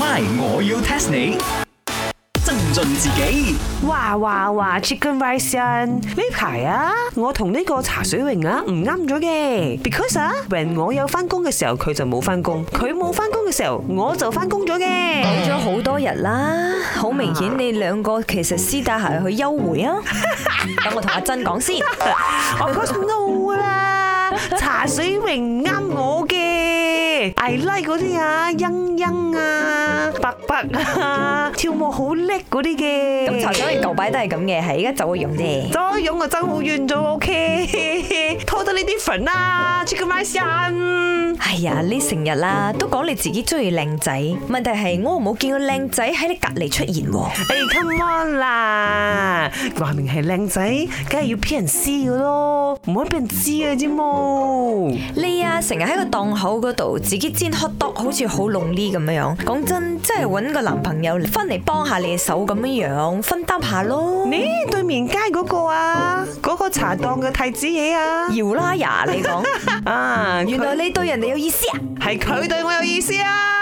My，我要 test 你，增進自己。哇哇哇，chicken rice 人呢排啊，我同呢個茶水榮啊唔啱咗嘅，because when 我有翻工嘅時候，佢就冇翻工，佢冇翻工嘅時候，我就翻工咗嘅，咗好、嗯、多日啦，好明顯你兩個其實私底下去幽會啊，等 我同阿珍講先， 我講 no 啦， 茶水榮唔啱我嘅。I like 嗰啲啊，欣欣啊，伯伯啊，跳舞好叻嗰啲嘅。咁陳生舊擺都係咁嘅，係而家走阿勇啫。走阿勇就爭好遠咗，OK。拖得呢啲粉啊，Transformation。哎呀，你成日啦都講你自己中意靚仔，問題係我冇見過靚仔喺你隔離出現喎。哎、hey，Come on 啦，話明係靚仔，梗係要俾人，人知嘅咯，唔好俾人知啊啫麼？你啊，成日喺個檔口嗰度。自己煎黑多好似好濃啲咁樣樣，講真，真係搵個男朋友嚟，翻嚟幫下你嘅手咁樣樣，分擔下咯。咦，對面街嗰個啊，嗰、嗰個茶檔嘅太子爺啊，姚拉呀，你講 啊，原來你對人哋有意思啊，係佢對我有意思啊。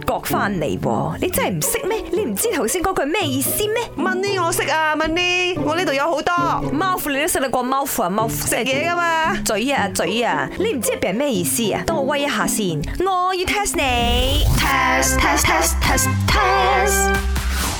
各國翻嚟，你真係唔識咩？你唔知頭先嗰句咩意思咩？money 我識啊，money，我呢度有好多 Mouth，Mouth，你都識得講 Mouth 啊，Mouth 食嘢噶嘛？嘴啊嘴啊，你唔知係病咩意思啊？我等我威一下先，我要 test 你 test，test test test test test。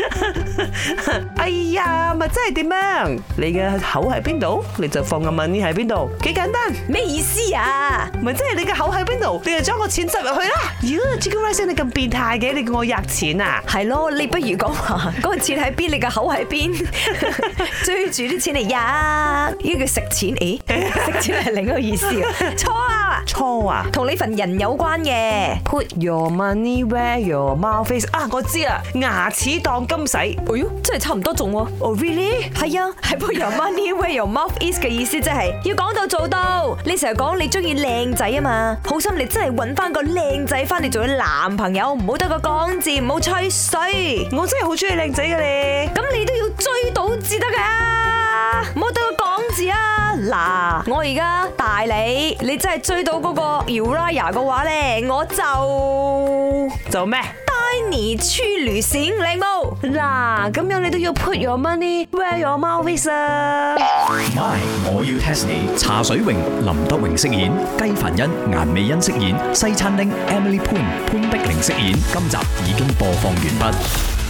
哎呀，咪真係點樣？你嘅口喺邊度，你就放個 money 喺邊度，幾簡單。咩意思啊？咪即係你嘅口喺邊度，你就將個錢執入去啦。咦 Jingle Rising 你咁變態嘅，你叫我吔錢啊？係咯，你不如講話，嗰、嗰個錢喺邊，你嘅口喺邊， 追住啲錢嚟吔！呢個叫食、欸「食錢？誒，食錢係另一個意思。錯啊，錯啊，錯啊，同你份人有關嘅。Put your money where your mouth is。啊，我知啦，牙齒當。金使，哎喲真係差唔多種喎。Oh really？係啊呀，係 put your money where your mouth is 嘅意思，即係、 就是、要講到做到。你成日講你中意靚仔啊嘛，好心你真係搵翻個靚仔翻嚟做你男朋友，唔好得個講字，唔好吹水。我真係好中意靚仔噶你，咁你都要追到至，啊，得噶，唔好得個講字啊。嗱，我而家大你，你真係追到嗰個 Yulaya 嘅話咧，我就做咩？你去旅行，令慕嗱，咁樣你都要 put your money where your mouth is 啊！My，我要 test 你。茶水榮，林德榮飾演；雞凡欣，顏美欣飾演；西餐廳，Emily Poon，潘碧玲飾演。今集已經播放完畢。